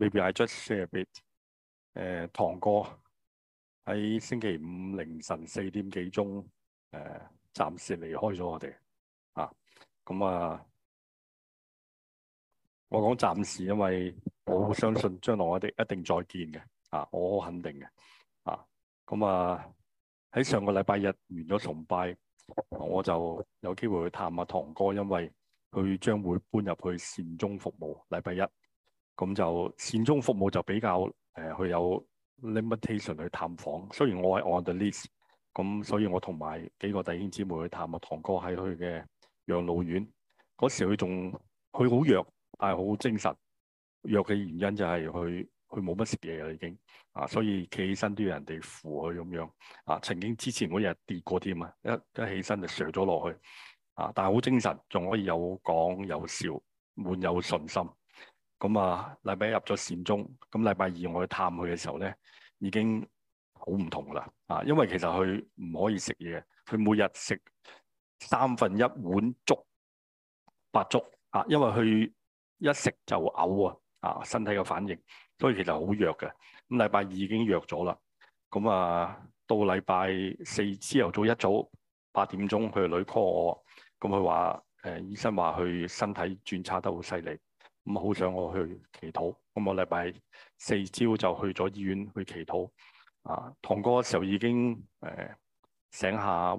Maybe I just share a bit、呃。誒，堂哥喺星期五凌晨四點幾鐘誒，暫、呃、時離開咗我哋。啊，咁、嗯、啊，我講暫時，因為我好相信將來我哋一定再見嘅。啊，我好肯定嘅。啊，咁、嗯、啊，喺上個禮拜日完咗崇拜，我就有機會去探下堂哥，因為佢將會搬入去善終服務。禮拜一。咁就善終服務就比較誒，佢、呃、有 limitation 去探訪。雖然我係 on the list 咁，所以我同埋幾個弟兄姊妹去探阿堂哥喺佢嘅養老院。嗰時佢仲，佢好弱，但係好精神。弱嘅原因就係佢，佢冇乜食嘢啦，已經啊，所以企起身都要人哋扶佢咁樣啊。曾經之前嗰日跌過添啊，一一起身就錘咗落去啊，但係好精神，仲可以有講有笑，滿有信心。咁啊，禮拜一入咗善終。咁禮拜二我去探佢嘅時候咧，已經好唔同啦啊！因為其實佢唔可以食嘢，佢每日食三分一碗粥白粥啊，因為佢一食就嘔啊啊，身體嘅反應，所以其實好弱嘅。咁禮拜二已經弱咗啦，咁啊到禮拜四朝頭早一早八點鐘，佢女 call 我，咁佢話誒醫生話佢身體轉差得好犀利。咁、嗯、好想我去祈禱，咁我禮拜四朝就去咗醫院去祈禱。啊，堂哥嘅時候已經誒、呃、醒下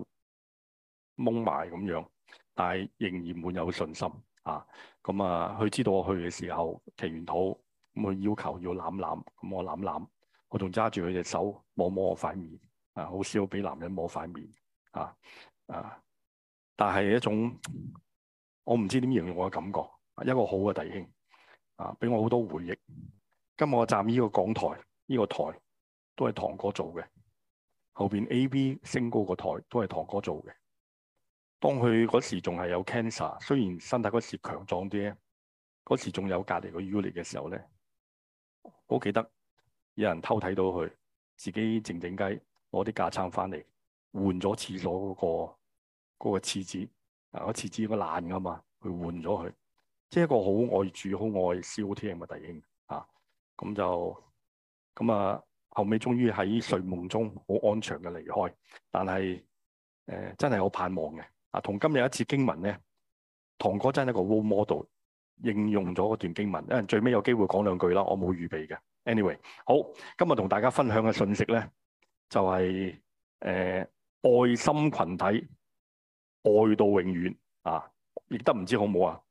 懵埋咁樣，但係仍然滿有信心啊。咁啊，佢知道我去嘅時候祈完禱，咁佢要求要攬攬，咁我攬攬，我仲揸住佢隻手摸摸我塊面啊，好少俾男人摸塊面啊啊，但係一種我唔知點形容我嘅感覺、啊，一個好嘅弟兄。啊！俾我好多回憶。今日我站呢個講台，呢、呢個台都係堂哥做嘅。後邊 A、B 升高個台都係堂哥做嘅。當佢嗰時仲係有 cancer，雖然身體嗰時強壯啲，嗰時仲有隔籬個 unit 嘅時候咧，我記得有人偷睇到佢自己靜靜雞攞啲架撐翻嚟換咗廁所嗰、嗰個嗰、嗰個廁紙啊！個廁紙我爛㗎嘛，去換咗佢。即係一個好愛主、好愛 COTM 嘅弟兄啊！咁就咁啊，後尾終於喺睡夢中好安詳嘅離開。但係誒、呃，真係好盼望嘅啊！同今日一次經文咧，堂哥真係一個好 model，應用咗段經文。因為最尾有機會講兩句啦，我冇預備嘅。Anyway，好，今日同大家分享嘅信息咧，就係、是、誒、呃、愛心群體愛到永遠啊！亦得唔知好唔好啊～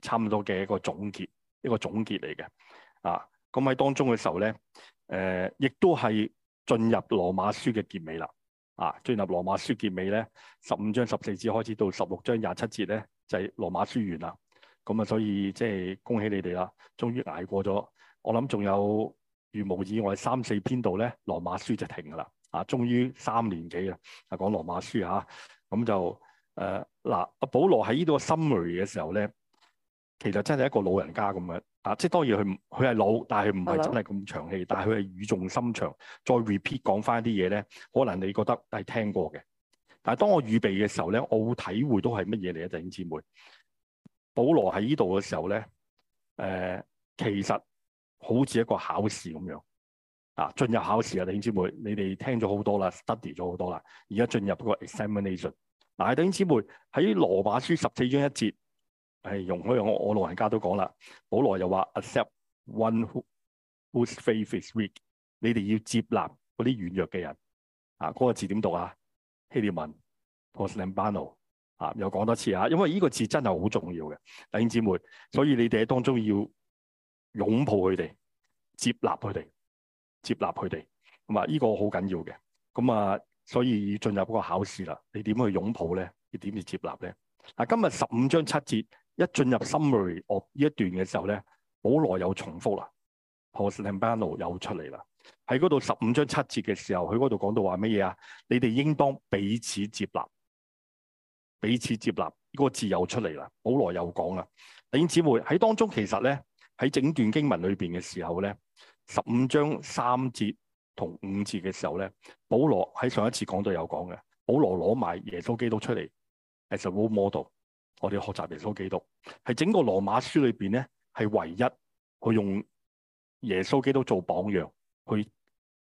差唔多嘅一個總結，一個總結嚟嘅啊！咁喺當中嘅時候咧，誒，亦都係進入羅馬書嘅結尾啦！啊，進、呃、入羅馬,、啊、馬書結尾咧，十五章十四節開始到十六章廿七節咧，就係、是、羅馬書完啦。咁啊，所以即係、就是、恭喜你哋啦，終於捱過咗。我諗仲有如無意外，三四篇度咧，羅馬書就停噶啦！啊，終於三年幾啦，講羅馬書嚇，咁、啊、就誒嗱，阿、呃啊、保羅喺呢度 summary 嘅時候咧。其實真係一個老人家咁樣的，啊，即係當然佢佢係老，但佢唔係真係咁長氣，Hello. 但係佢係語重心長，再 repeat 講翻啲嘢咧，可能你覺得係聽過嘅。但係當我預備嘅時候咧，我會體會到係乜嘢嚟咧，弟兄姊妹。保羅喺呢度嘅時候咧，誒、呃，其實好似一個考試咁樣，啊，進入考試啊，弟兄姊妹，你哋聽咗好多啦，study 咗好多啦，而家進入個 examination。嗱，弟兄姊妹喺羅馬書十四章一節。係容許我，我老人家都講啦。保羅又話：Accept one who whose faith is weak。你哋要接納嗰啲軟弱嘅人。啊，嗰、那個字點讀啊？希臘文 h i l m a n o s l a n o 啊，又講多次啊。因為呢個字真係好重要嘅，弟、啊、兄姊妹。所以你哋喺當中要擁抱佢哋，接納佢哋，接納佢哋。咁啊，呢、這個好緊要嘅。咁啊，所以要進入嗰個考試啦。你點去擁抱咧？你點去接納咧？嗱、啊，今日十五章七節。一進入 summary of 呢一段嘅時候咧，保羅又重複啦，Proslambano 又出嚟啦。喺嗰度十五章七節嘅時候，佢嗰度講到話乜嘢啊？你哋應當彼此接納，彼此接納。呢、那個字又出嚟啦，保羅又講啦。因此會喺當中其實咧，喺整段經文裏邊嘅時候咧，十五章三節同五節嘅時候咧，保羅喺上一次講到有講嘅，保羅攞埋耶穌基督出嚟，as a role model。我哋學習耶穌基督，係整個羅馬書裏邊咧，係唯一去用耶穌基督做榜樣去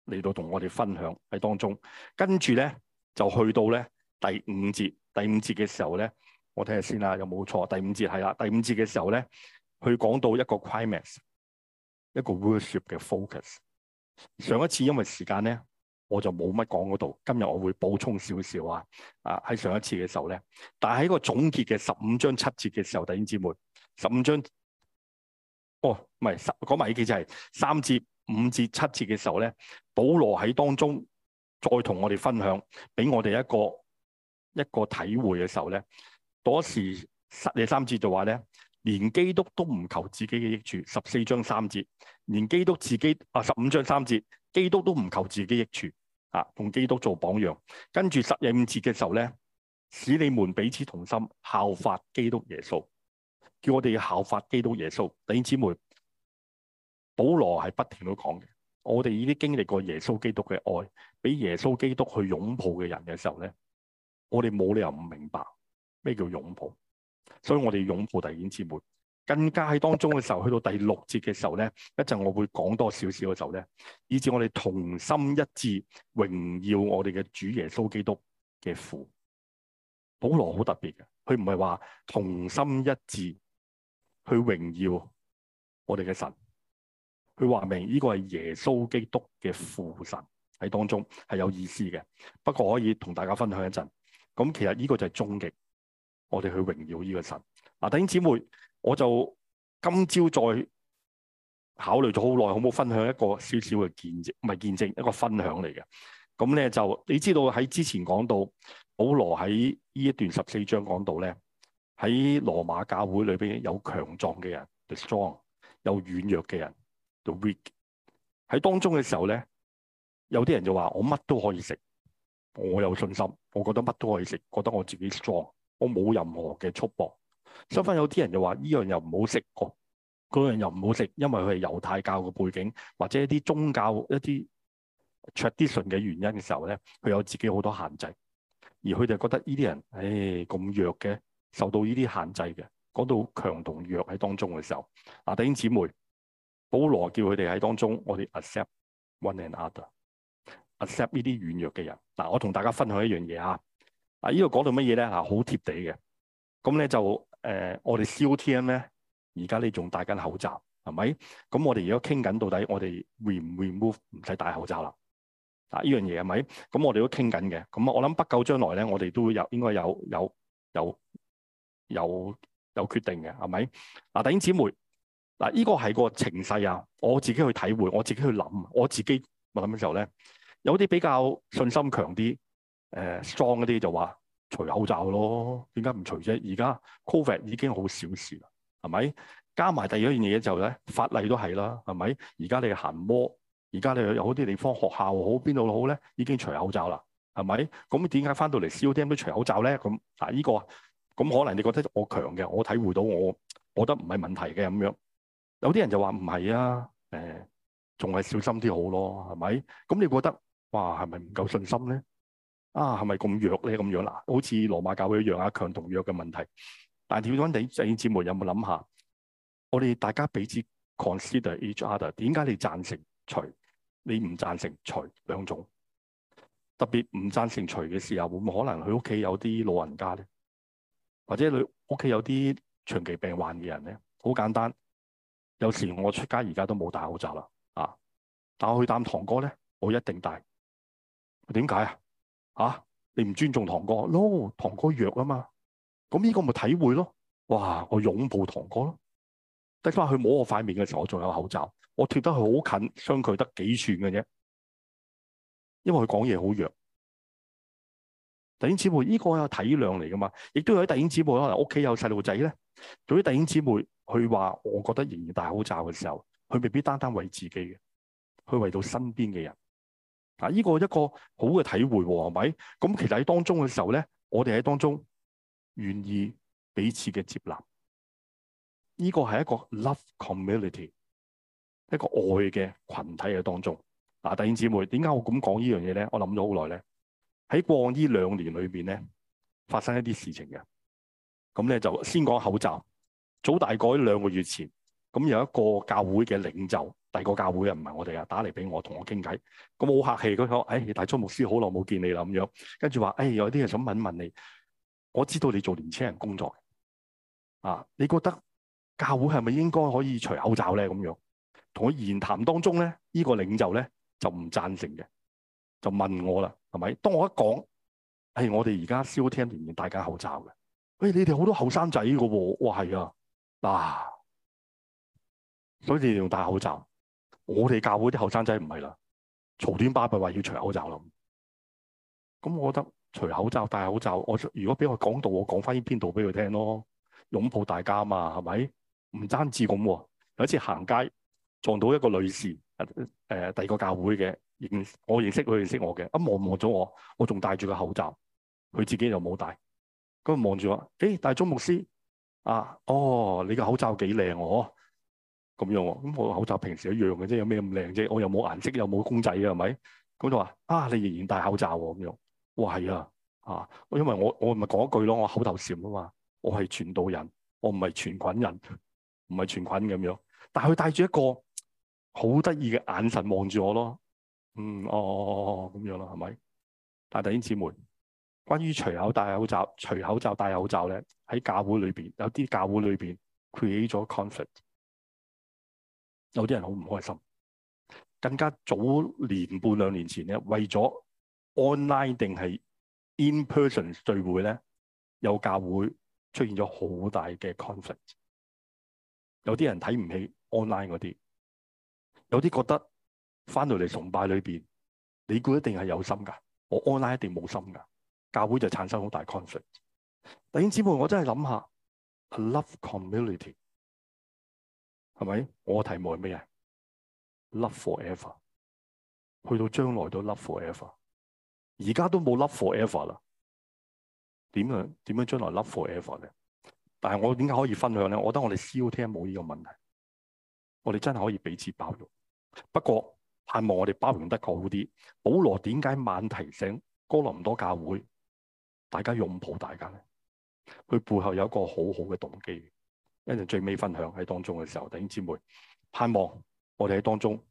嚟到同我哋分享喺當中。跟住咧就去到咧第五節，第五節嘅時候咧，我睇下先啦，有冇錯？第五節係啦，第五節嘅時候咧，佢講到一個 climax，一個 worship 嘅 focus。上一次因為時間咧。我就冇乜講嗰度。今日我會補充少少啊！啊，喺上一次嘅時候咧，但係喺個總結嘅十五章七節嘅時候，弟兄姊妹十五章哦，唔係十講埋呢幾節係三節、五節、就是、七節嘅時候咧。保羅喺當中再同我哋分享，俾我哋一個一個體會嘅時候咧，嗰時三你三節就話咧，連基督都唔求自己嘅益處。十四章三節，連基督自己啊，十五章三節，基督都唔求自己的益處。啊，同基督做榜樣，跟住十日五節嘅時候咧，使你們彼此同心效法基督耶穌，叫我哋要效法基督耶穌。弟兄姊妹，保羅係不停都講嘅，我哋已經經歷過耶穌基督嘅愛，俾耶穌基督去擁抱嘅人嘅時候咧，我哋冇理由唔明白咩叫擁抱，所以我哋擁抱弟兄姊妹。更加喺當中嘅時候，去到第六節嘅時候咧，一陣我會講多少少嘅時候咧，以致我哋同心一致榮耀我哋嘅主耶穌基督嘅父。保羅好特別嘅，佢唔係話同心一致去榮耀我哋嘅神，佢話明呢個係耶穌基督嘅父神喺當中係有意思嘅。不過可以同大家分享一陣，咁其實呢個就係終極，我哋去榮耀呢個神。嗱，弟兄姊妹。我就今朝再考慮咗好耐，好唔好分享一個小小嘅見證，唔係見證，一個分享嚟嘅。咁咧就你知道喺之前講到，保羅喺呢一段十四章講到咧，喺羅馬教會裏邊有強壯嘅人，the strong；有軟弱嘅人，the weak。喺當中嘅時候咧，有啲人就話我乜都可以食，我有信心，我覺得乜都可以食，覺得我自己 strong，我冇任何嘅束縛。相反有啲人就話呢樣又唔好食，嗰樣又唔好食，因為佢係猶太教嘅背景，或者一啲宗教一啲 tradition 嘅原因嘅時候咧，佢有自己好多限制，而佢哋覺得呢啲人，唉，咁弱嘅，受到呢啲限制嘅，講到強同弱喺當中嘅時候，嗱，弟兄姊妹，保羅叫佢哋喺當中，我哋 accept one another，accept 呢啲軟弱嘅人。嗱，我同大家分享一樣嘢啊，啊呢個講到乜嘢咧，吓，好貼地嘅，咁咧就。誒、呃，我哋 COTM 咧，而家你仲戴緊口罩，係咪？咁我哋而家傾緊到底，我哋會唔會 move？唔使戴口罩啦，嗱，依樣嘢係咪？咁我哋都傾緊嘅。咁我諗不久將來咧，我哋都有應該有有有有有決定嘅，係咪？嗱，弟兄姊妹，嗱，依個係個情勢啊！我自己去體會，我自己去諗，我自己諗嘅時候咧，有啲比較信心強啲，誒，strong 啲就話。除口罩咯，點解唔除啫？而家 COVID 已經好小事啦，係咪？加埋第二樣嘢就係咧，法例都係啦，係咪？而家你行摩，而家你有好啲地方學校好，邊度都好咧，已經除口罩啦，係咪？咁點解翻到嚟 COTM 都除口罩咧？咁嗱，呢、啊呢個咁可能你覺得我強嘅，我體會到我，我覺得唔係問題嘅咁樣。有啲人就話唔係啊，仲、呃、係小心啲好咯，係咪？咁你覺得哇，係咪唔夠信心咧？啊，係咪咁弱咧？咁樣嗱，好似羅馬教會一樣啊，強同弱嘅問題。但係跳翻嚟上邊節目，有冇諗下？我哋大家彼此 consider each other，點解你贊成除，你唔贊成除兩種？特別唔贊成除嘅時候，會唔可能佢屋企有啲老人家咧，或者佢屋企有啲長期病患嘅人咧？好簡單，有時候我出街而家都冇戴口罩啦，啊！但我去啖堂哥咧，我一定戴。點解啊？吓、啊！你唔尊重堂哥咯，no, 堂哥弱啊嘛，咁呢個咪體會咯。哇！我擁抱堂哥咯，得翻佢摸我塊面嘅時候，我仲有口罩，我貼得佢好近，相距得幾寸嘅啫。因為佢講嘢好弱。弟兄姊妹，呢、這個有體諒嚟噶嘛？亦都有喺弟兄姊妹可能屋企有細路仔咧，做啲弟兄姊妹佢話，我覺得仍然戴口罩嘅時候，佢未必單單為自己嘅，去為到身邊嘅人。啊！呢個一個好嘅體會喎，係咪？咁其實喺當中嘅時候咧，我哋喺當中願意彼此嘅接納，呢個係一個 love community，一個愛嘅群體嘅當中。嗱，弟兄姊妹，點解我咁講呢樣嘢咧？我諗咗好耐咧，喺過往呢兩年裏邊咧，發生一啲事情嘅。咁咧就先講口罩。早大概兩個月前，咁有一個教會嘅領袖。第個教會啊，唔係我哋啊，打嚟俾我同我傾偈，咁我好客氣，佢講：，誒、哎、戴 Joe 牧師好耐冇見你啦，咁樣，跟住話：，誒、哎、有啲嘢想問問你，我知道你做年青人工作，啊，你覺得教會係咪應該可以除口罩咧？咁樣，同我言談當中咧，呢、這個領袖咧就唔贊成嘅，就問我啦，係咪？當我一講，係、哎、我哋而家燒聽仍然戴緊口罩嘅，誒、哎、你哋好多後生仔嘅喎，哇係啊，嗱，所以你要戴口罩。我哋教會啲後生仔唔係啦，嘈喧巴閉話要除口罩啦。咁我覺得除口罩、戴口罩，我如果俾我講道，我講翻啲篇道俾佢聽咯。擁抱大家嘛，係咪？唔爭戰咁喎。有一次行街撞到一個女士，呃、第二個教會嘅，我認識佢，佢識我嘅。一望望咗我，我仲戴住個口罩，佢自己又冇戴。咁望住我，誒、欸，戴鐘牧師啊，哦，你個口罩幾靚喎。咁樣喎，咁我口罩平時一樣嘅啫，有咩咁靚啫？我又冇顏色，又冇公仔嘅係咪？咁就話啊，你仍然戴口罩喎咁樣。我係啊，啊，因為我我咪講一句咯，我口頭禪啊嘛，我係傳道人，我唔係傳菌人，唔係傳菌咁樣。但係佢帶住一個好得意嘅眼神望住我咯。嗯，哦哦哦，咁樣咯，係咪？但係弟兄姊妹，關於除口罩戴口罩，除口罩戴口罩咧，喺教會裏面，有啲教會裏面 create 咗 conflict。有啲人好唔開心，更加早年半兩年前咧，為咗 online 定係 in-person 聚會咧，有教會出現咗好大嘅 conflict。有啲人睇唔起 online 嗰啲，有啲覺得翻到嚟崇拜裏面，你估一定係有心㗎，我 online 一定冇心㗎。教會就產生好大的 conflict。弟兄姊妹，我真係諗下，a love community。係咪？我嘅題目係咩？Love forever，去到將來都 love forever，而家都冇 love forever 啦。點樣點樣將來 love forever 咧？但係我點解可以分享咧？我覺得我哋 COT 冇呢個問題，我哋真係可以彼此包容。不過盼望我哋包容得更好啲。保羅點解晚提醒哥林多教會大家擁抱大家咧？佢背後有一個好好嘅動機。跟住最尾分享喺當中嘅時候，弟兄姊妹盼望我哋喺當中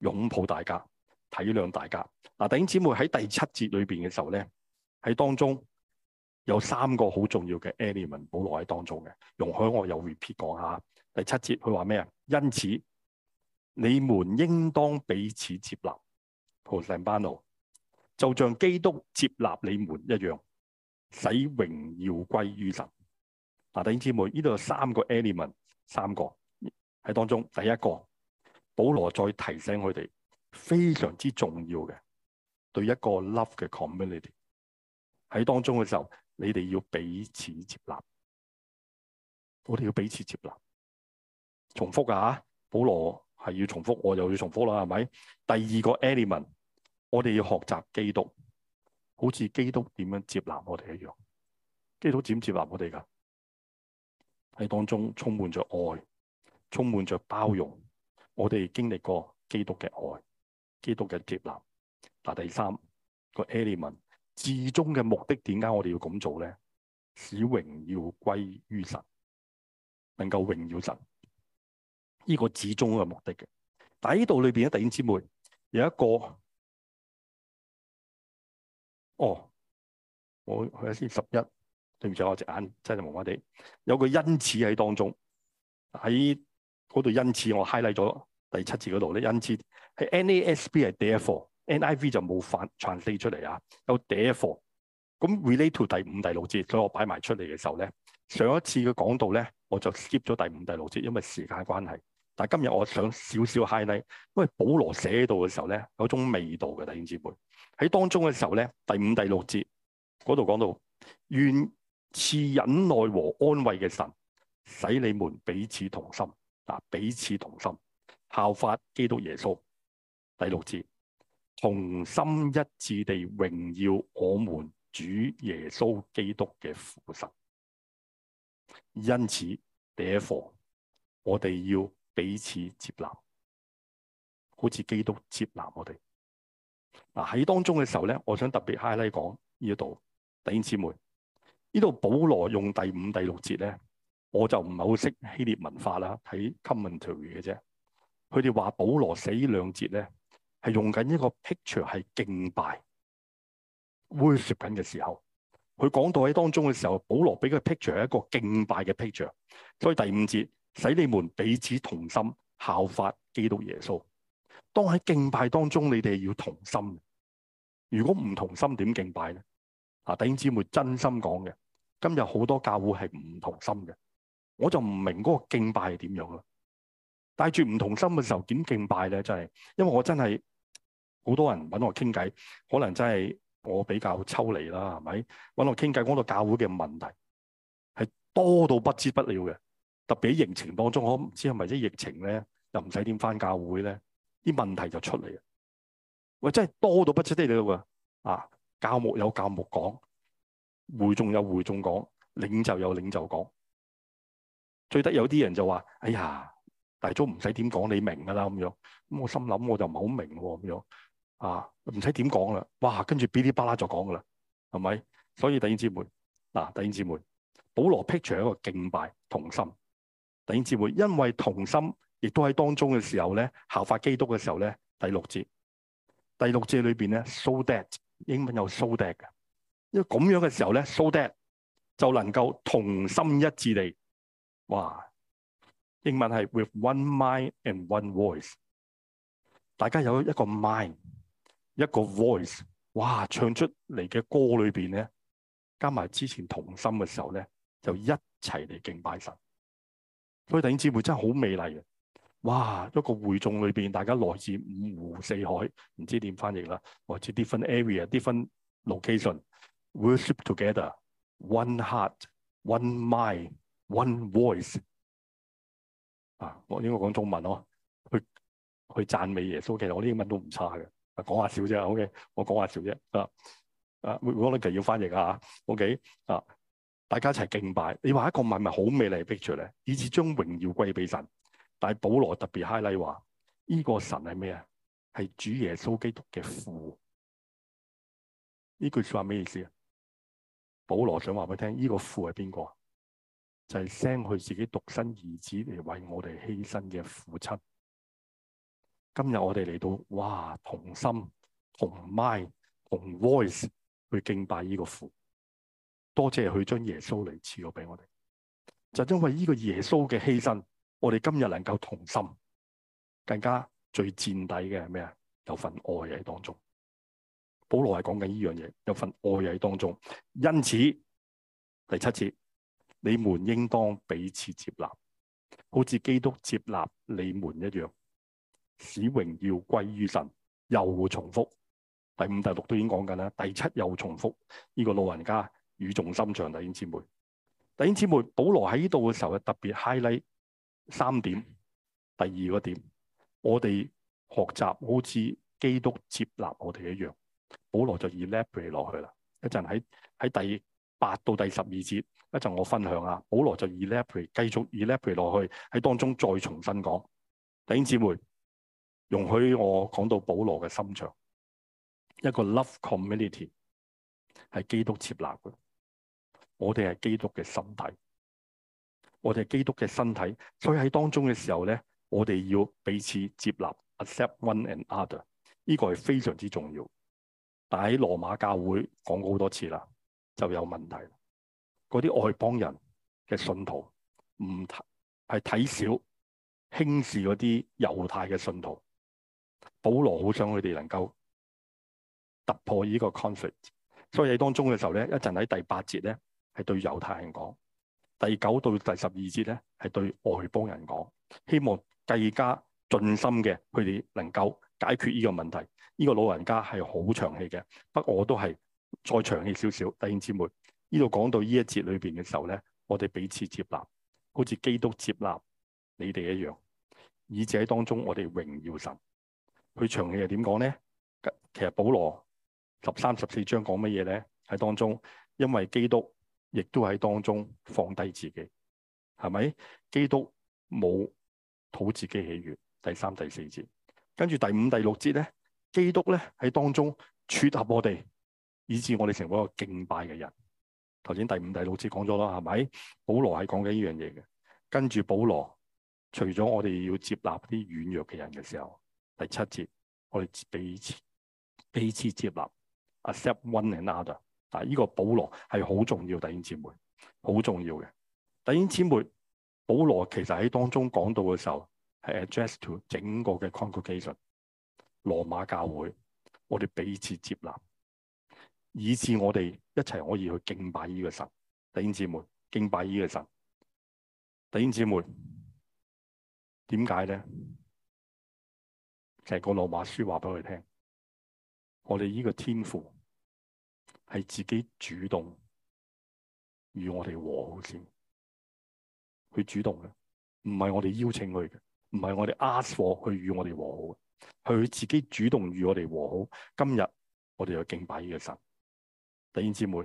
擁抱大家，體諒大家。嗱，弟兄姊妹喺第七節裏邊嘅時候咧，喺當中有三個好重要嘅 element 保留喺當中嘅。容許我又 repeat 講下第七節，佢話咩啊？因此你們應當彼此接納，Paul b a n u 就像基督接納你們一樣，使榮耀歸於神。弟兄姊妹，呢度有三個 element，三個喺當中。第一個，保羅再提醒佢哋非常之重要嘅，對一個 love 嘅 community，喺當中嘅時候，你哋要彼此接納。我哋要彼此接納。重複啊！保羅係要重複，我就要重複啦，係咪？第二個 element，我哋要學習基督，好似基督點樣接納我哋一樣。基督點接納我哋㗎？喺當中充滿着愛，充滿着包容。我哋經歷過基督嘅愛，基督嘅接納。嗱，第三個 element，至終嘅目的，點解我哋要咁做咧？使榮耀歸於神，能夠榮耀神，呢、呢個至終嘅目的嘅。但係呢度裏邊一弟兄姊妹有一個，哦，我睇下先十一。對唔住，我隻眼真係麻麻地。有個因此喺當中，喺嗰度因此我 highlight 咗第七節嗰度咧。因此係 NASB 係 therefore，NIV 就冇翻 translate 出嚟啊。有 therefore，咁 relate to 第五、第六節，所以我擺埋出嚟嘅時候咧，上一次嘅講道咧，我就 skip 咗第五、第六節，因為時間關係。但係今日我想少少 highlight，因為保羅寫到嘅時候咧，有一種味道嘅弟兄姊妹喺當中嘅時候咧，第五、第六節嗰度講到願。賜忍耐和安慰嘅神，使你們彼此同心。嗱，彼此同心，效法基督耶穌。第六節，同心一致地榮耀我們主耶穌基督嘅父神。因此，Therefore，我哋要彼此接納，好似基督接納我哋。嗱，喺當中嘅時候咧，我想特別 highlight 講呢一度弟兄姊妹。呢度保羅用第五、第六節咧，我就唔係好識希臘文法啦，睇 commentary 嘅啫。佢哋話保羅死呢兩節咧，係用緊一個 picture 係敬拜，worship 緊嘅時候，佢講到喺當中嘅時候，保羅俾個 picture 係一個敬拜嘅 picture。所以第五節，使你們彼此同心，效法基督耶穌。當喺敬拜當中，你哋要同心。如果唔同心，點敬拜咧？啊！弟兄姊妹，真心講嘅，今日好多教會係唔同心嘅，我就唔明嗰個敬拜係點樣咯。帶住唔同心嘅時候點敬拜咧？真係，因為我真係好多人揾我傾偈，可能真係我比較抽離啦，係咪？揾我傾偈講到教會嘅問題係多到不知不了嘅，特別喺疫情當中，我唔知係咪啲疫情咧又唔使點返教會咧，啲問題就出嚟啊！喂，真係多到不知得了喎！啊，教牧有教牧講。會眾有會眾講，領袖有領袖講，最得有啲人就話，哎呀，大早唔使點講，你明噶啦咁樣。咁我心諗我就唔係好明咁樣，啊，唔使點講啦，哇，跟住嗶哩巴拉吧啦就講噶啦，係咪？所以弟兄姊妹嗱、啊，弟兄姊妹，保羅 picture 一個敬拜同心，弟兄姊妹，因為同心，亦都喺當中嘅時候咧，效法基督嘅時候咧，第六節，第六節裏邊咧，so that 英文有 so that 嘅。因為咁樣嘅時候咧，so that 就能夠同心一致地，哇！英文係 with one mind and one voice。大家有一個 mind，一個 voice，哇！唱出嚟嘅歌裏邊咧，加埋之前同心嘅時候咧，就一齊嚟敬拜神。所以弟兄姊妹真係好美麗啊！哇！一個會眾裏邊，大家來自五湖四海，唔知點翻譯啦，來自 different area，different location。Worship together, one heart, one mind, one voice. 啊，我應該講中文咯，啊，去去讚美耶穌。其實我啲英文都唔差嘅，講下笑啫。OK，我講下笑啫。啊啊，我我要翻譯啊。OK，啊，大家一齊敬拜。你話一個係，咪好美麗 picture 嚟，以至將榮耀歸俾神。但係保羅特別 highlight 話，呢、呢個神係咩啊？係主耶穌基督嘅父。呢句說話咩意思啊？保羅想話俾你聽，呢、呢個父係邊個，就係送佢自己獨生兒子嚟為我哋犧牲嘅父親。今日我哋嚟到，哇，同心、同 mind、同 voice 去敬拜呢個父，多謝佢將耶穌嚟賜咗俾我哋。就是、因為呢個耶穌嘅犧牲，我哋今日能夠同心，更加最墊底嘅係咩啊？有份愛喺當中。保羅係講緊呢樣嘢，有份愛喺當中。因此第七節，你們應當彼此接納，好似基督接納你們一樣，使榮耀歸於神。又重複第五、第六都已經講緊啦。第七又重複，呢個老人家語重心長。弟兄姐妹，弟兄姐妹，保羅喺呢度嘅時候特別 highlight 三點。第二個點，我哋學習好似基督接納我哋一樣。保羅就 elaborate 落去啦。一陣喺喺第八到第十二節，一陣我分享啊。保羅就 elaborate 繼續 elaborate 落去喺當中再重新講。弟兄姊妹，容許我講到保羅嘅心腸，一個 love community 係基督設立嘅。我哋係基督嘅身體，我哋係基督嘅身體，所以喺當中嘅時候咧，我哋要彼此接納，accept one another。呢個係非常之重要。但喺羅馬教會講過好多次啦，就有問題。嗰啲外邦人嘅信徒唔係睇小，輕視嗰啲猶太嘅信徒。保羅好想佢哋能夠突破依個 conflict。所以喺當中嘅時候咧，一陣喺第八節咧係對猶太人講，第九到第十二節咧係對外邦人講，希望更加盡心嘅佢哋能夠解決呢個問題，呢個老人家係好長氣嘅，不過我都係再長氣少少。弟兄姊妹，呢度講到呢一節裏邊嘅時候咧，我哋彼此接納，好似基督接納你哋一樣。以至喺當中我哋榮耀神。佢長氣係點講咧？其實保羅十三十四章講乜嘢咧？喺當中，因為基督亦都喺當中放低自己，係咪？基督冇討自己喜悅。第三、第四節。跟住第五、第六節咧，基督咧喺當中撮合我哋，以致我哋成為一個敬拜嘅人。頭先第五、第六節講咗啦，係咪？保羅係講緊呢樣嘢嘅。跟住保羅，除咗我哋要接納啲軟弱嘅人嘅時候，第七節我哋彼此彼此接納 accept one another。但係，呢個保羅係好重要，弟兄姊妹，好重要嘅。弟兄姊妹，保羅其實喺當中講到嘅時候。係 address to 整個嘅 congregation，羅馬教會，我哋彼此接納，以致我哋一齊可以去敬拜呢個神。弟兄姊妹，敬拜呢個神。弟兄姊妹，點解咧？成個羅馬書話俾佢聽，我哋呢個天父，係自己主動與我哋和好先，佢主動嘅，唔係我哋邀請佢嘅。唔係我哋 ask for 去與我哋和好嘅，佢自己主動與我哋和好。今日我哋又敬拜呢個神。弟兄姊妹，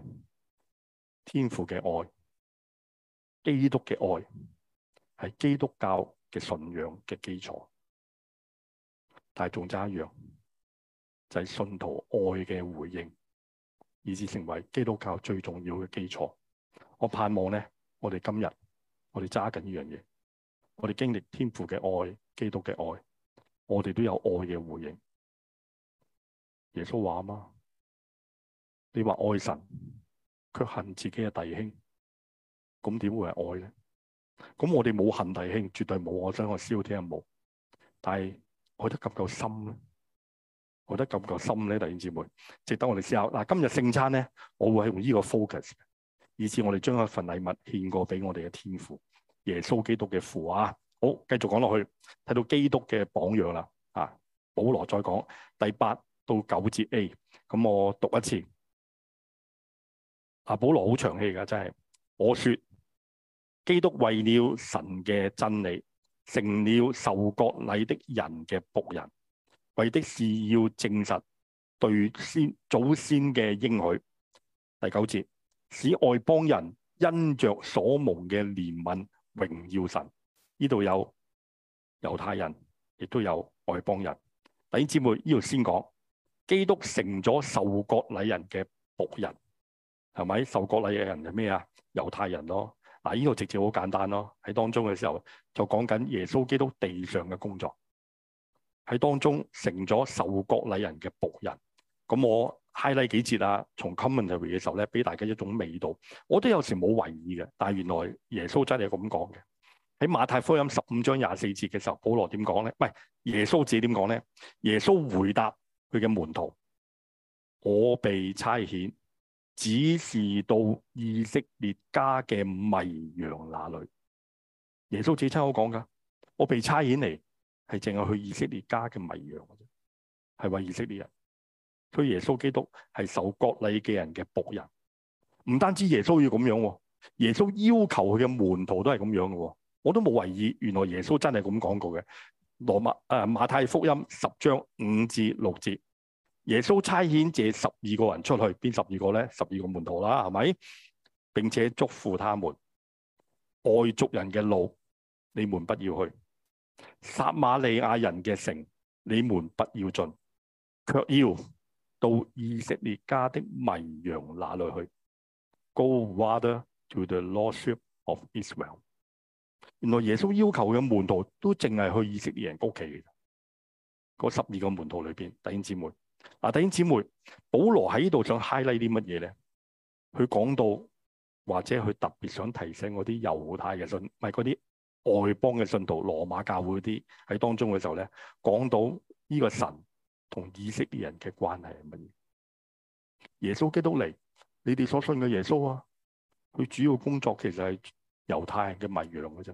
天父嘅愛、基督嘅愛，係基督教嘅信仰嘅基礎。但係仲爭一樣，就係、是、信徒愛嘅回應，以至成為基督教最重要嘅基礎。我盼望咧，我哋今日我哋揸緊呢樣嘢。我哋經歷天父嘅愛、基督嘅愛，我哋都有愛嘅回應。耶穌話啊嘛，你話愛神卻恨自己嘅弟兄，咁點會係愛咧？咁我哋冇恨弟兄，絕對冇。我想我燒天啊冇。但係，我覺得夠唔夠深咧？我覺得夠唔夠深咧？ 弟兄姊妹，值得我哋思考。嗱、啊，今日聖餐咧，我會用呢個 focus，以至我哋將一份禮物獻過俾我哋嘅天父。耶穌基督嘅父啊，好，繼續講落去，睇到基督嘅榜樣啦啊，保羅再講第八到九節 A，咁我讀一次。啊，保羅好長氣噶，真係。我說基督為了神嘅真理，成了受割禮的人嘅僕人，為的是要證實對先祖先嘅應許。第九節，使外邦人因着所蒙嘅憐憫。榮耀神，呢度有猶太人，亦都有外邦人。弟兄姊，姊妹，呢度先講，基督成咗受割禮人嘅僕人，係咪？受割禮嘅人係咩啊？猶太人咯。嗱，呢度直接好簡單咯。喺當中嘅時候就講緊耶穌基督地上嘅工作，喺當中成咗受割禮人嘅僕人。咁我。highlight 幾節啊，從 commentary 嘅時候咧，俾大家一種味道。我都有時冇懷疑嘅，但係原來耶穌真係咁講嘅。喺馬太福音十五章廿四節嘅時候，保羅點講咧？喂，耶穌自己點講咧？耶穌回答佢嘅門徒：我被差遣，只是到以色列家嘅迷羊那裏。耶穌自己親口講噶，我被差遣嚟係淨係去以色列家嘅迷羊嘅啫，係為以色列人。推耶穌基督係受割禮嘅人嘅僕人，唔單止耶穌要咁樣，耶穌要求佢嘅門徒都係咁樣嘅。我都冇懷疑，原來耶穌真係咁講過嘅。羅馬，誒，馬太福音十章五至六節，耶穌差遣這十二個人出去，邊十二個咧？十二個門徒啦，係咪？並且祝福他們，外族人嘅路你們不要去，撒瑪利亞人嘅城你們不要進，卻要。到以色列家的迷羊哪裏去？Go rather to the lordship of Israel。原來耶穌要求嘅門徒都淨係去以色列人屋企。嗰十二個門徒裏邊，弟兄姊妹，嗱，弟兄姊妹，保羅喺呢度想 highlight 啲乜嘢咧？佢講到或者佢特別想提醒嗰啲猶太嘅信，唔係嗰啲外邦嘅信徒，羅馬教會嗰啲喺當中嘅時候咧，講到呢個神。同以色列人嘅關係係乜嘢？耶穌基督嚟，你哋所信嘅耶穌啊，佢主要工作其實係猶太人嘅迷羊嘅啫。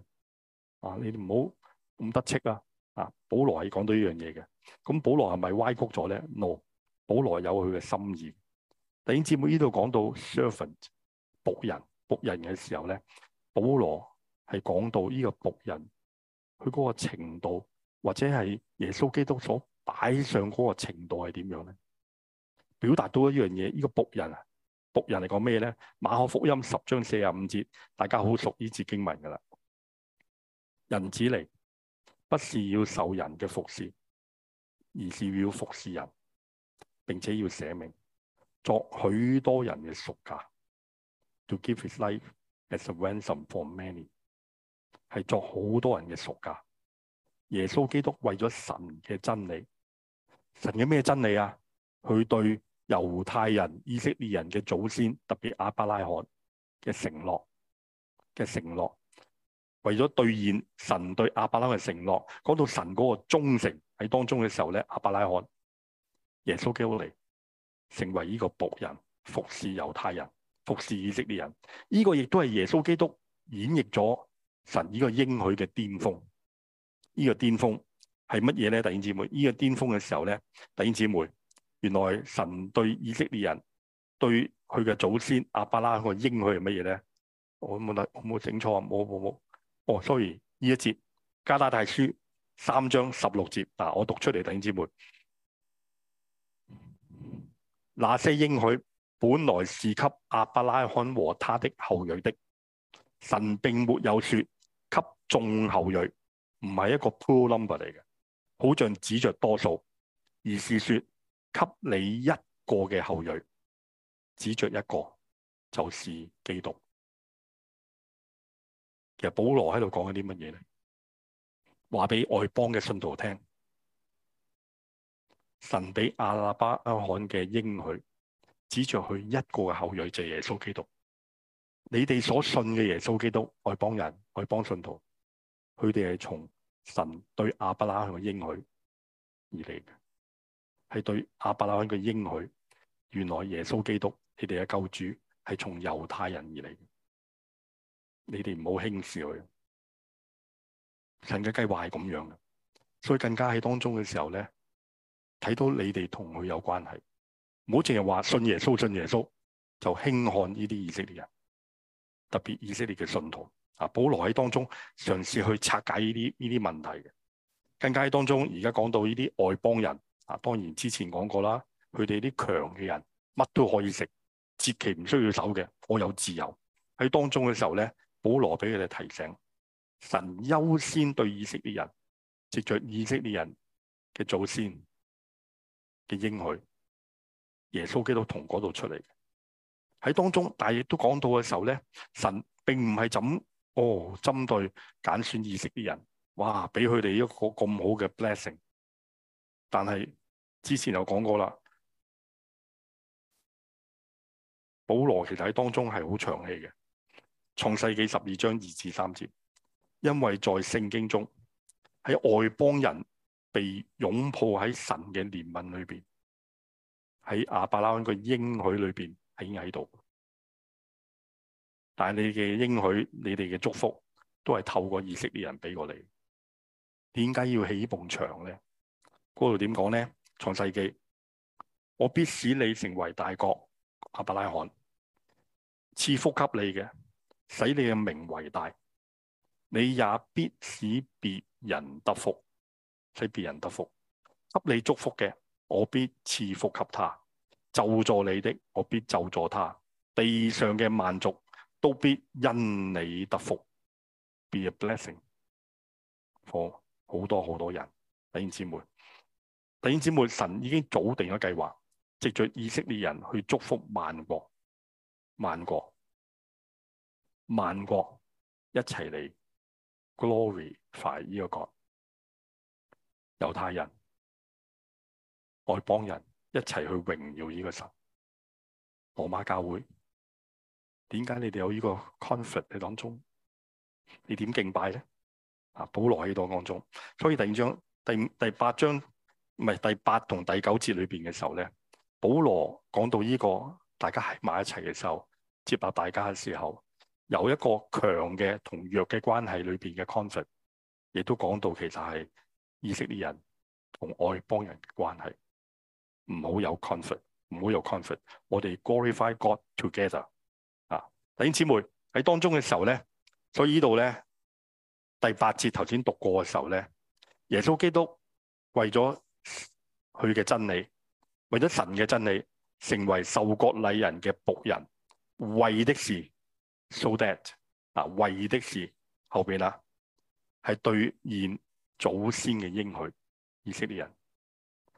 啊，你哋唔好咁得戚啦、啊。啊，保羅係講到呢樣嘢嘅，咁保羅係咪歪曲咗咧？no，保羅有佢嘅心意。弟兄姊妹，呢度講到 servant 僕人僕人嘅時候咧，保羅係講到呢個僕人，佢嗰個程度或者係耶穌基督所。擺上嗰個程度係點樣咧？表達到一樣嘢，呢、這個僕人啊，僕人嚟講咩咧？馬可福音十章四十五節，大家好熟呢節經文噶啦。人子嚟，不是要受人嘅服侍，而是要服侍人，並且要捨命作許多人嘅贖價，to give his life as a ransom for many，係作好多人嘅贖價。耶穌基督為咗神嘅真理，神嘅咩真理啊？佢對猶太人、以色列人嘅祖先，特別亞伯拉罕嘅承諾嘅承諾，為咗兌現神對亞伯拉罕嘅承諾，講到神嗰個忠誠喺當中嘅時候咧，亞伯拉罕、耶穌基督嚟成為呢個僕人服侍猶太人、服侍以色列人，呢個亦都係耶穌基督演繹咗神呢個應許嘅巔峰。這個、巔峰是什麼？呢個巔峰係乜嘢咧？弟兄姊妹，呢、這個巔峰嘅時候咧，弟兄姊妹，原來神對以色列人，對佢嘅祖先亞伯拉罕個應許係乜嘢咧？我冇得，我冇整錯，冇冇冇。哦，sorry，呢一節加拉太書三章十六節，嗱，我讀出嚟，弟兄姊妹，那些應許本來是給亞伯拉罕和他的後裔的，神並沒有説給眾後裔。唔係一個 plural number 嚟嘅，好像指着多數，而是說，給你一個嘅後裔，指着一個就是基督。其實保羅喺度講緊啲乜嘢咧？話俾外邦嘅信徒聽，神俾亞伯拉罕嘅應許，指着佢一個嘅後裔就係耶穌基督。你哋所信嘅耶穌基督，外邦人，外邦信徒。佢哋係從神對亞伯拉罕嘅應許而嚟嘅，係對亞伯拉罕嘅應許。原來耶穌基督，你哋嘅救主，係從猶太人而嚟嘅。你哋唔好輕視佢，神嘅計劃係咁樣嘅。所以更加喺當中嘅時候咧，睇到你哋同佢有關係，唔好淨係話信耶穌，信耶穌就輕看呢啲以色列人，特別以色列嘅信徒。啊！保羅喺當中嘗試去拆解呢啲呢啲問題嘅，更加喺當中而家講到呢啲外邦人啊，當然之前講過啦，佢哋啲強嘅人，乜都可以食，節期唔需要守嘅，我有自由喺當中嘅時候咧，保羅俾佢哋提醒，神優先對以色列人，藉着以色列人嘅祖先嘅應許，耶穌基督從嗰度出嚟嘅，喺當中，但係亦都講到嘅時候咧，神並唔係噉？哦，針對揀選意識啲人，哇，俾佢哋一個咁好嘅 blessing。但係之前有講過啦，保羅其實喺當中係好長氣嘅，從世紀十二章二至三節，因為在聖經中，喺外邦人被擁抱喺神嘅憐憫裏邊，喺亞伯拉罕個應許裏邊係已經喺度。但係你嘅應許，你哋嘅祝福都係透過以色列人俾過你。點解要起埲牆咧？嗰度點講咧？創世紀：我必使你成為大國，亞伯拉罕賜福給你嘅，使你嘅名為大。你也必使別人得福，使別人得福。給你祝福嘅，我必賜福給他；咒詛你的，我必咒詛他。地上嘅萬族。都必因你得福，be a blessing for 好多好多人。弟兄姊妹，弟兄姊妹，神已經早定咗計劃，藉着以色列人去祝福萬國，萬國，萬國一齊嚟 glorify 呢個國。猶太人、外邦人一齊去榮耀呢個神。羅馬教會。點解你哋有呢個 conflict 喺當中？你點敬拜咧？啊，保羅喺度當中，所以第二章第五第八章唔係第八同第九節裏邊嘅時候咧，保羅講到呢個大家喺埋一齊嘅時候，接納大家嘅時候，有一個強嘅同弱嘅關係裏邊嘅 conflict，亦都講到其實係以色列人同外邦人嘅關係，唔好有 conflict，唔好有 conflict。我哋 glorify God together。弟兄姊妹喺當中嘅時候咧，所以這裏呢度咧，第八節頭先讀過嘅時候咧，耶穌基督為咗佢嘅真理，為咗神嘅真理，成為受割禮人嘅僕人，為的是 so that 啊，為的是後邊啦，係兌現祖先嘅應許，以色列人，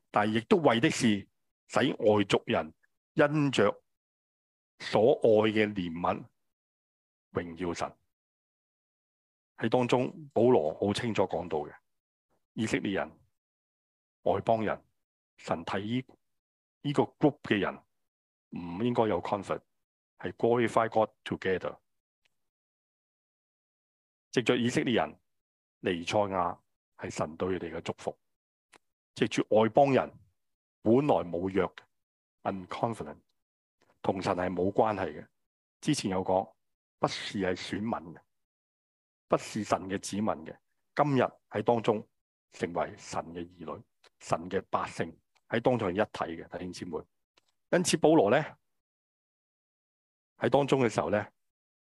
但係亦都為的是使外族人因着。所愛嘅憐憫，榮耀神喺當中，保羅好清楚講到嘅，以色列人、外邦人，神睇依個 group 嘅人唔應該有 confident，係 glorify God together。藉著以色列人彌賽亞係神對佢哋嘅祝福，藉住外邦人本來冇約，unconfident。同神係冇關係嘅，之前有講，不是係選民嘅，不是神嘅子民嘅。今日喺當中成為神嘅兒女，神嘅百姓喺當中係一體嘅，弟兄姊妹。因此保羅咧喺當中嘅時候咧，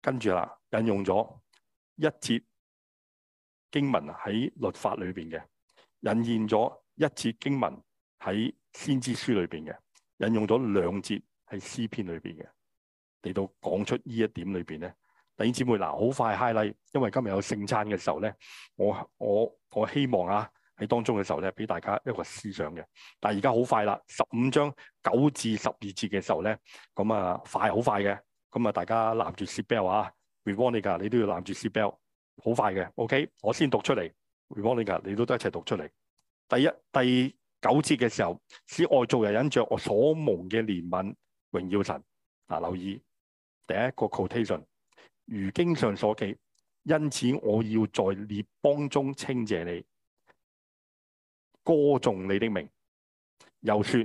跟住啦引用咗一節經文喺律法裏邊嘅，引現咗一節經文喺先知書裏邊嘅，引用咗兩節，喺詩篇裏邊嘅，嚟到講出呢一點裏邊咧，弟兄姊妹嗱，好、啊、快 highlight，因為今日有聖餐嘅時候咧，我我我希望啊喺當中嘅時候咧，俾大家一個思想嘅。但係而家好快啦，十五章九至十二節嘅時候咧，咁啊快，好快嘅，咁啊大家攬住 s h e l l 啊 r e 你噶，你都要攬住 s h e l l 好快嘅。OK，我先讀出嚟 r e 你噶，你都一齊讀出嚟。第一第九節嘅時候，使外邦人忍着我所蒙嘅憐憫。榮耀神啊！留意第一個 quotation，如經上所記，因此我要在列邦中稱謝你，歌頌你的名。又說，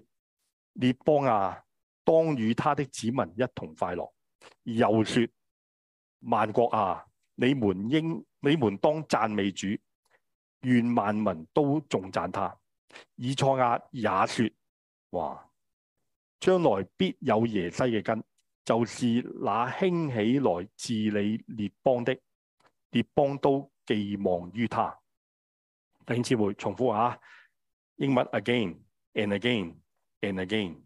列邦啊，當與他的子民一同快樂。又說，萬國啊，你們應、你們當讚美主，願萬民都頌讚他。以賽亞也說哇將來必有耶西嘅根，就是那興起來治理列邦的，列邦都寄望於他。弟兄姊妹，重複下英文 again and again and again。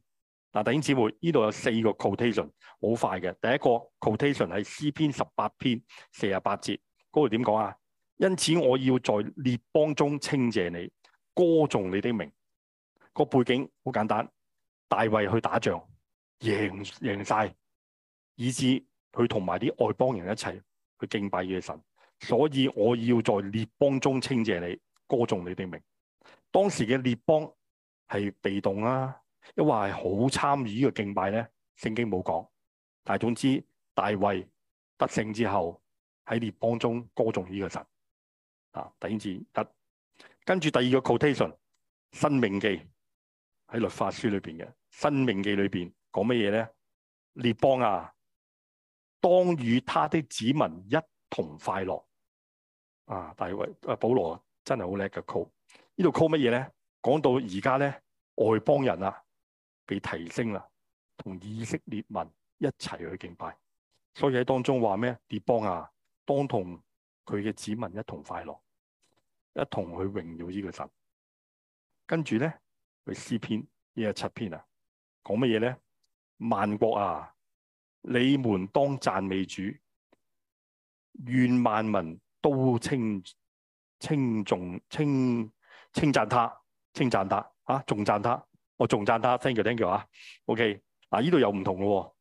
嗱，弟兄姊妹，呢度有四個 quotation，好快嘅。第一個 quotation 係詩篇十八篇四十八節，嗰度點講啊？因此我要在列邦中稱謝你，歌頌你的名。個背景好簡單。大衛去打仗，贏贏晒，以至佢同埋啲外邦人一齊去敬拜嘅神，所以我要在列邦中稱謝你，歌頌你的名。當時嘅列邦係被動啦、啊，因為係好參與呢個敬拜咧，聖經冇講，但係總之大衛得勝之後喺列邦中歌頌呢個神啊，第一次得。跟住第二個 citation，申命記。喺律法書裏邊嘅《申命記》裏邊講乜嘢咧？列邦啊，當與他的子民一同快樂啊！大衛阿保羅真係好叻嘅 call。這什麼呢度 call 乜嘢咧？講到而家咧，外邦人啊，被提升啦，同以色列民一齊去敬拜。所以喺當中話咩？列邦啊，當同佢嘅子民一同快樂，一同去榮耀呢個神。跟住咧。佢詩篇呢？係、這個、七篇啊，講乜嘢咧？萬國啊，你們當讚美主，願萬民都稱稱頌、稱稱讚他、稱讚他啊，仲讚他，我仲讚他。聽住聽住啊，OK 嗱，呢度又唔同咯、哦，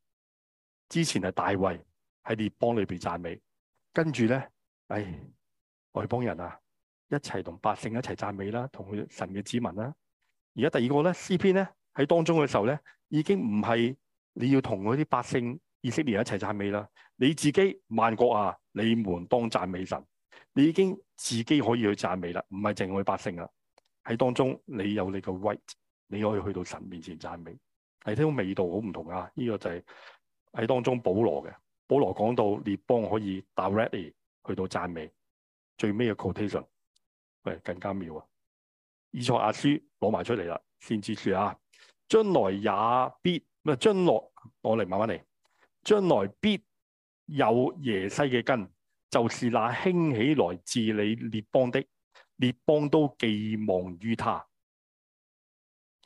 之前係大衛喺列邦裏邊讚美，跟住咧，哎，外邦人啊，一齊同百姓一齊讚美啦，同佢神嘅子民啦、啊。而家第二個咧，詩篇咧喺當中嘅時候咧，已經唔係你要同嗰啲百姓以色列人一齊讚美啦，你自己萬國啊，你們當讚美神，你已經自己可以去讚美啦，唔係淨係百姓啊。喺當中你有你嘅位，你可以去到神面前讚美，係聽到味道好唔同啊！呢、這個就係喺當中保羅嘅，保羅講到列邦可以 directly 去到讚美，最尾嘅 quotation 喂，更加妙啊！以賽亞書攞埋出嚟啦，先至說啊，將來也必唔係，將來我嚟慢慢嚟。將來必有耶西嘅根，就是那興起來治理列邦的，列邦都寄望於他。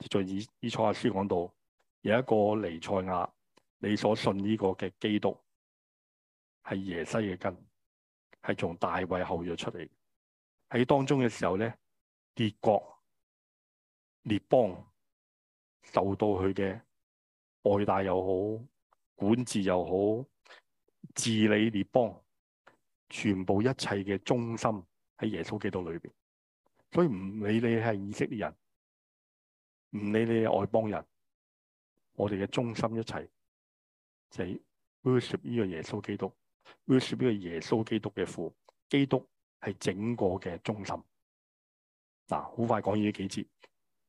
就以以賽亞書講到，有一個尼賽亞，你所信呢個嘅基督係耶西嘅根，係從大衛後裔出嚟，喺當中嘅時候咧，列國。列邦受到佢嘅愛戴又好，管治又好，治理列邦，全部一切嘅中心喺耶穌基督裏邊。所以唔理你係以色列人，唔理你係外邦人，我哋嘅中心一切就係 worship 呢個耶穌基督，worship 呢個耶穌基督嘅父。基督係整個嘅中心。嗱，好快講完呢幾節。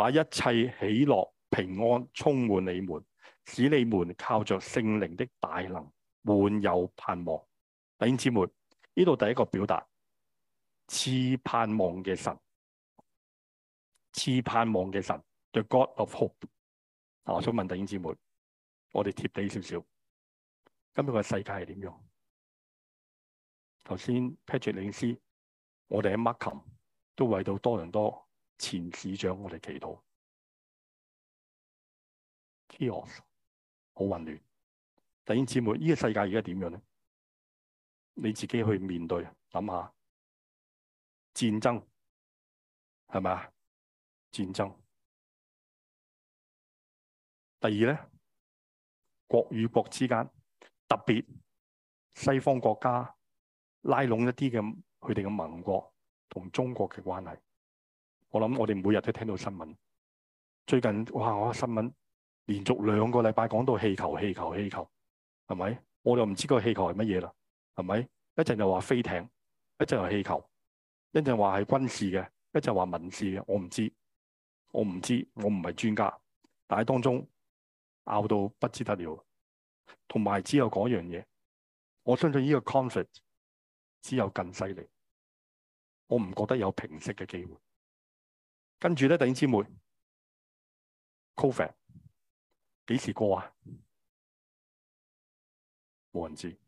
把一切喜樂、平安充滿你們，使你們靠着聖靈的大能，滿有盼望。弟兄姊妹，呢度第一個表達賜盼望嘅神，賜盼望嘅神，The God of Hope，啊。我想問弟兄姊妹，我哋貼地少少，今日個世界係點樣的？頭先 Patrick 領詩，我哋喺 Markham 都為到多倫多。前市長，我哋祈禱。chaos 好混亂。弟兄姊妹，呢個世界而家點樣咧？你自己去面對，諗下戰爭係咪啊？戰爭。第二咧，國與國之間，特別西方國家拉攏一啲嘅佢哋嘅盟國同中國嘅關係。我諗我哋每日都聽到新聞，最近哇，我新聞連續兩個禮拜講到氣球、氣球、氣球，係咪？我就唔知個氣球係乜嘢啦，係咪？一陣就話飛艇，一陣就氣球，一陣話係軍事嘅，一陣話民事嘅，我唔知，我唔知，我唔係專家，但係當中拗到不知得了。同埋只有嗰樣嘢，我相信呢個 conflict 只有更犀利，我唔覺得有平息嘅機會。跟住咧，弟兄姊妹 COVID 幾時過啊？冇人知，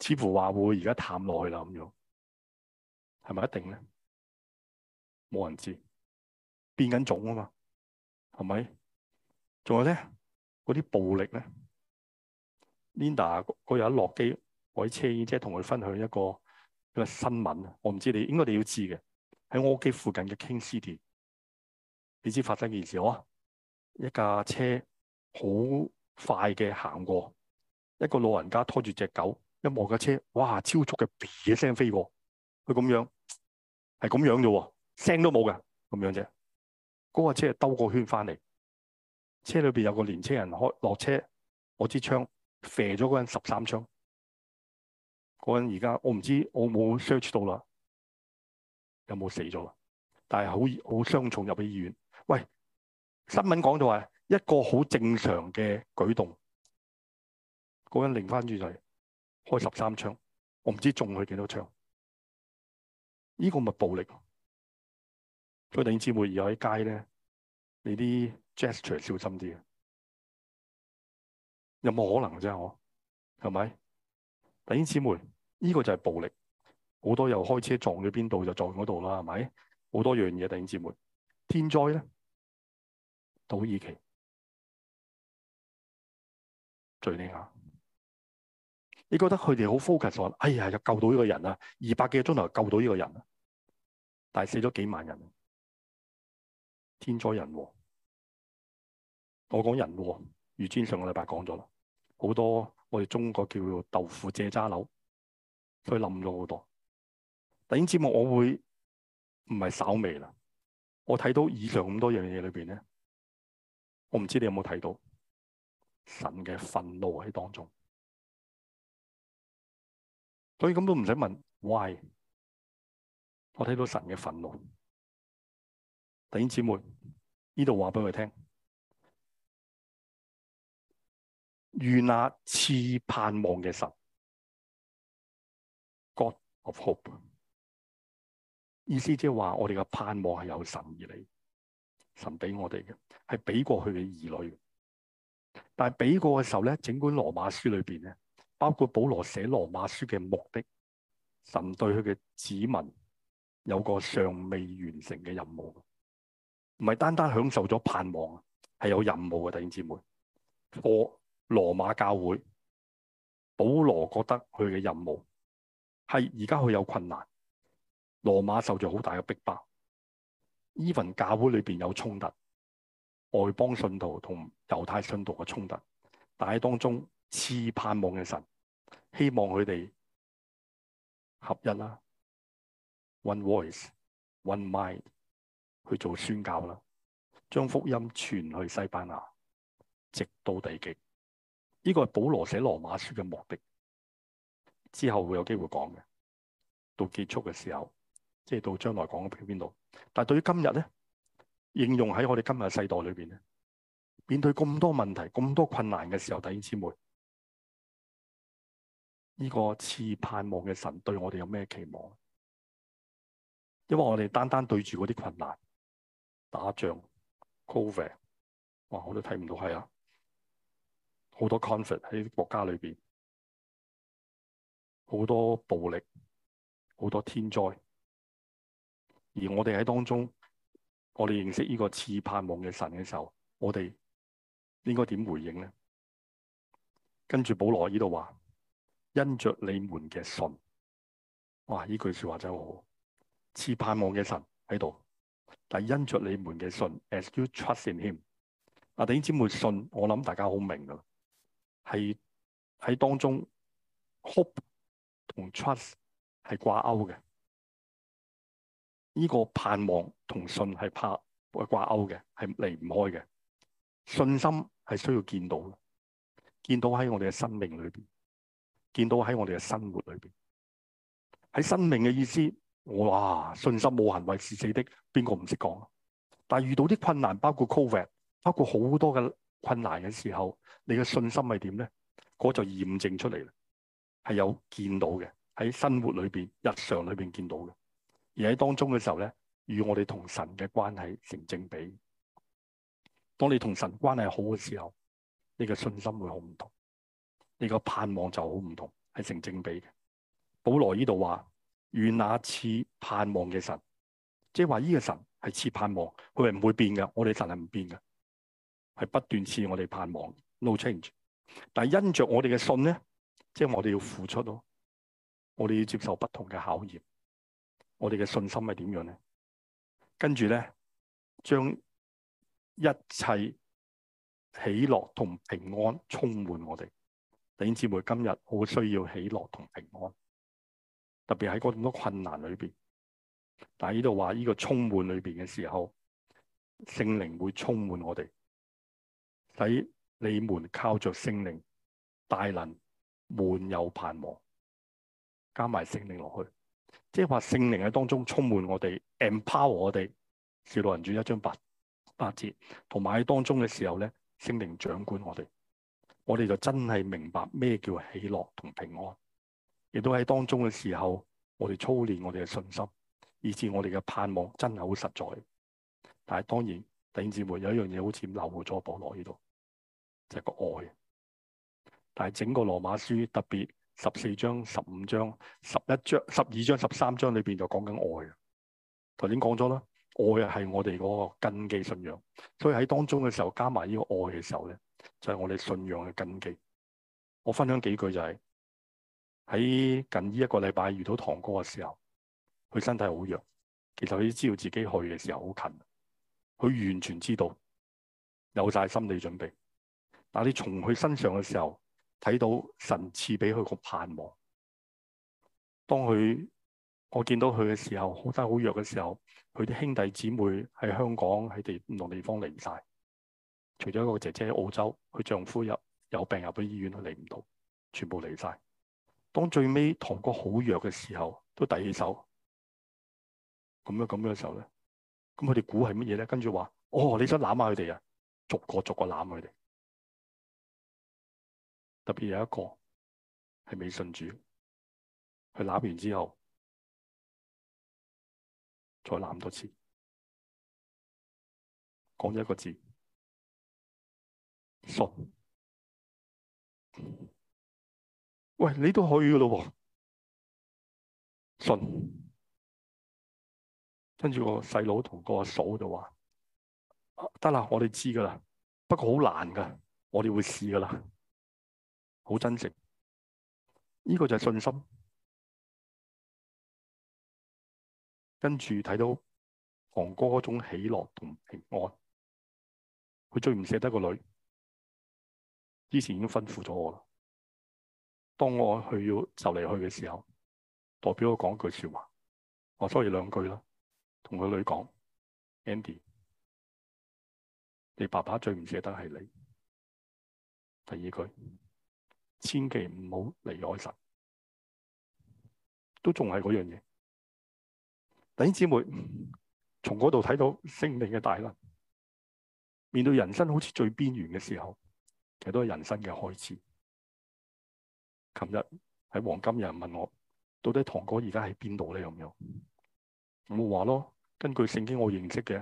似乎話會而家淡落去啦咁樣，係咪一定咧？冇人知，變緊種啊嘛，係咪？仲有咧，嗰啲暴力咧，Linda 嗰日落機，我喺車耳即係同佢分享一個。個新聞啊，我唔知你應該你要知嘅，喺我屋企附近嘅 King City，你知發生件事嗬，一架車好快嘅行過，一個老人家拖住隻狗，一望架車，哇超速嘅，咇一聲飛過，佢咁樣係咁樣咋，聲都冇㗎，咁樣啫，嗰架車兜個圈翻嚟，車裏邊有個年青人開落車，攞支槍射咗嗰人十三槍。嗰人而家我唔知我冇 search 到啦，有冇死咗？但係好好傷重入去醫院。喂，新聞講到話一個好正常嘅舉動，嗰個人擰翻轉嚟開十三槍，我唔知中佢幾多槍。呢個咪暴力？所以弟兄姊妹而家喺街咧，你啲 gesture 小心啲啊！有冇可能啫？我係咪？弟兄姊妹？呢個就係暴力，好多又開車撞咗邊度就撞嗰度啦，係咪？好多樣嘢，弟兄姊妹。天災咧，土耳其敘利亞！你覺得佢哋好 focus 話，哎呀，又救到呢個人啊，二百幾個鐘頭救到呢個人啊，但係死咗幾萬人。天災人禍，我講人禍。如堅上個禮拜講咗啦，好多我哋中國叫做豆腐借渣樓。佢冧咗好多。弟兄姊妹，我會唔係稍微啦。我睇到以上咁多樣嘢裏邊咧，我唔知你有冇睇到神嘅憤怒喺當中。所以咁都唔使問 why。我睇到神嘅憤怒。弟兄姊妹，呢度話俾佢聽，願那賜盼望嘅神。Of hope. 意思即係話，我哋嘅盼望係由神而嚟，神俾我哋嘅係俾過去嘅兒女。但係俾過嘅時候咧，整管羅馬書裏邊咧，包括保羅寫羅馬書嘅目的，神對佢嘅子民有個尚未完成嘅任務，唔係單單享受咗盼望啊，係有任務嘅弟兄姊妹。過羅馬教會，保羅覺得佢嘅任務。係而家佢有困難，羅馬受咗好大嘅逼迫，even 教會裏面有衝突，外邦信徒同猶太信徒嘅衝突，但係當中係盼望嘅神，希望佢哋合一啦，one voice，one mind，去做宣教啦，將福音傳去西班牙，直到地極，呢個係保羅寫羅馬書嘅目的。之後會有機會講嘅，到結束嘅時候，即係到將來講嘅邊度。但對於今日咧，應用喺我哋今日嘅世代裏邊咧，面對咁多問題、咁多困難嘅時候，弟兄姊妹，呢個似盼望嘅神對我哋有咩期望？因為我哋單單對住嗰啲困難，打仗、covid，哇，我都睇唔到係啊，好多 conflict 喺國家裏邊。好多暴力，好多天災，而我哋喺當中，我哋認識呢個賜盼望嘅神嘅時候，我哋應該點回應咧？跟住保羅呢度話：因着你們嘅信，哇！呢句說話真係好好。賜盼望嘅神喺度，但因着你們嘅信，as you trust in him。啊，弟兄姊妹信，我諗大家好明㗎喇，係喺當中哭。同 trust 係掛鈎嘅，呢個盼望同信係怕掛鈎嘅，係離唔開嘅。信心係需要見到嘅，見到喺我哋嘅生命裏邊，見到喺我哋嘅生活裏邊。喺生命嘅意思，哇！信心冇行為是死的，邊個唔識講？但遇到啲困難，包括 covid，包括好多嘅困難嘅時候，你嘅信心係點咧？嗰就驗證出嚟係有見到嘅，喺生活裏邊、日常裏邊見到嘅。而喺當中嘅時候咧，與我哋同神嘅關係成正比。當你同神關係好嘅時候，你嘅信心會好唔同，你個盼望就好唔同，係成正比嘅。保羅呢度話：願那賜盼望嘅神，即係話呢個神係賜盼望，佢係唔會變嘅。我哋神係唔變嘅，係不斷賜我哋盼望。No change。但係因着我哋嘅信咧。即係我哋要付出咯，我哋要接受不同嘅考驗，我哋嘅信心係點樣咧？跟住咧，將一切喜樂同平安充滿我哋。弟兄姊妹，今日好需要喜樂同平安，特別喺嗰咁多困難裏邊。但係呢度話呢個充滿裏邊嘅時候，聖靈會充滿我哋，使你們靠着聖靈大能，滿有盼望，加埋聖靈落去，即係話聖靈喺當中充滿我哋，empower 我哋。《小老人傳》一章八八節，同埋喺當中嘅時候咧，聖靈掌管我哋，我哋就真係明白咩叫喜樂同平安。亦都喺當中嘅時候，我哋操練我哋嘅信心，以至我哋嘅盼望真係好實在。但係當然，弟兄姊妹有一樣嘢好似漏咗保羅呢度，就係、是、個愛。但係整個羅馬書特別十四章、十五章、十一章、十二章、十三章裏邊就講緊愛啊。頭先講咗啦，愛係我哋嗰個根基信仰，所以喺當中嘅時候加埋呢個愛嘅時候咧，就係我哋信仰嘅根基。我分享幾句就係喺近呢一個禮拜遇到堂哥嘅時候，佢身體好弱，其實佢知道自己去嘅時候好近，佢完全知道有晒心理準備，但係你從佢身上嘅時候。睇到神賜俾佢個盼望。當佢我見到佢嘅時候，好得好弱嘅時候，佢啲兄弟姊妹喺香港，喺地唔同地方嚟晒。除咗一個姐姐喺澳洲，佢丈夫入有，有病入咗醫院，佢嚟唔到，全部嚟晒。當最尾堂哥好弱嘅時候，都遞起手咁樣咁樣嘅時候咧，咁佢哋估係乜嘢咧？跟住話：哦，你想攬下佢哋啊？逐個逐個攬佢哋。特別有一個係未信主，佢攬完之後再攬多次，講咗一個字，信。喂，你都可以噶咯喎，信。跟住個細佬同個阿嫂就話：得啦，我哋知噶啦，不過好難噶，我哋會試噶啦。好珍惜，呢、這個就係信心。跟住睇到韓哥嗰種喜樂同平安，佢最唔捨得個女，之前已經吩咐咗我啦。當我去要就離去嘅時候，代表我講句說話，我收住兩句啦，同佢女講：Andy，你爸爸最唔捨得係你。第二句。千祈唔好離開神，都仲係嗰樣嘢。弟兄姊妹，從嗰度睇到聖靈嘅大能，面對人生好似最邊緣嘅時候，其實都係人生嘅開始。琴日喺黃金有人問我，到底堂哥而家喺邊度咧？有唔有？我話咯，根據聖經我認識嘅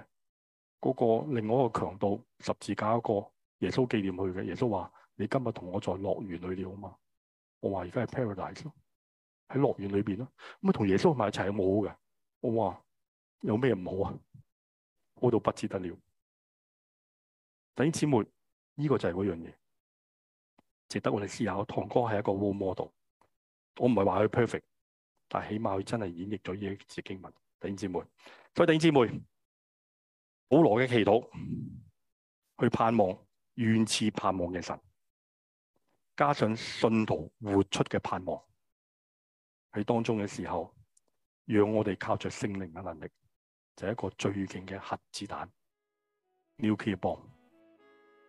嗰、那個另外一個強盜十字架一個耶穌紀念去嘅，耶穌話。你今日同我在樂園裏了，好嘛？我話而家係 paradise，喺樂園裏邊咯。咁啊，同耶穌埋一齊有冇好嘅？我話有咩唔好啊？好到不知得了。弟兄姊妹，呢個就係嗰樣嘢，值得我哋思考。堂哥係一個 role model，我唔係話佢 perfect，但起碼佢真係演繹咗呢啲字經文。弟兄姊妹，各位弟兄姊妹，保羅嘅祈禱，去盼望，願賜盼望嘅神，加上信徒活出嘅盼望喺當中嘅時候，讓我哋靠着聖靈嘅能力，就是一個最勁嘅核子彈，nuclear bomb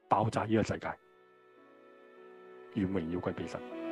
爆炸呢個世界，願榮耀歸畀神。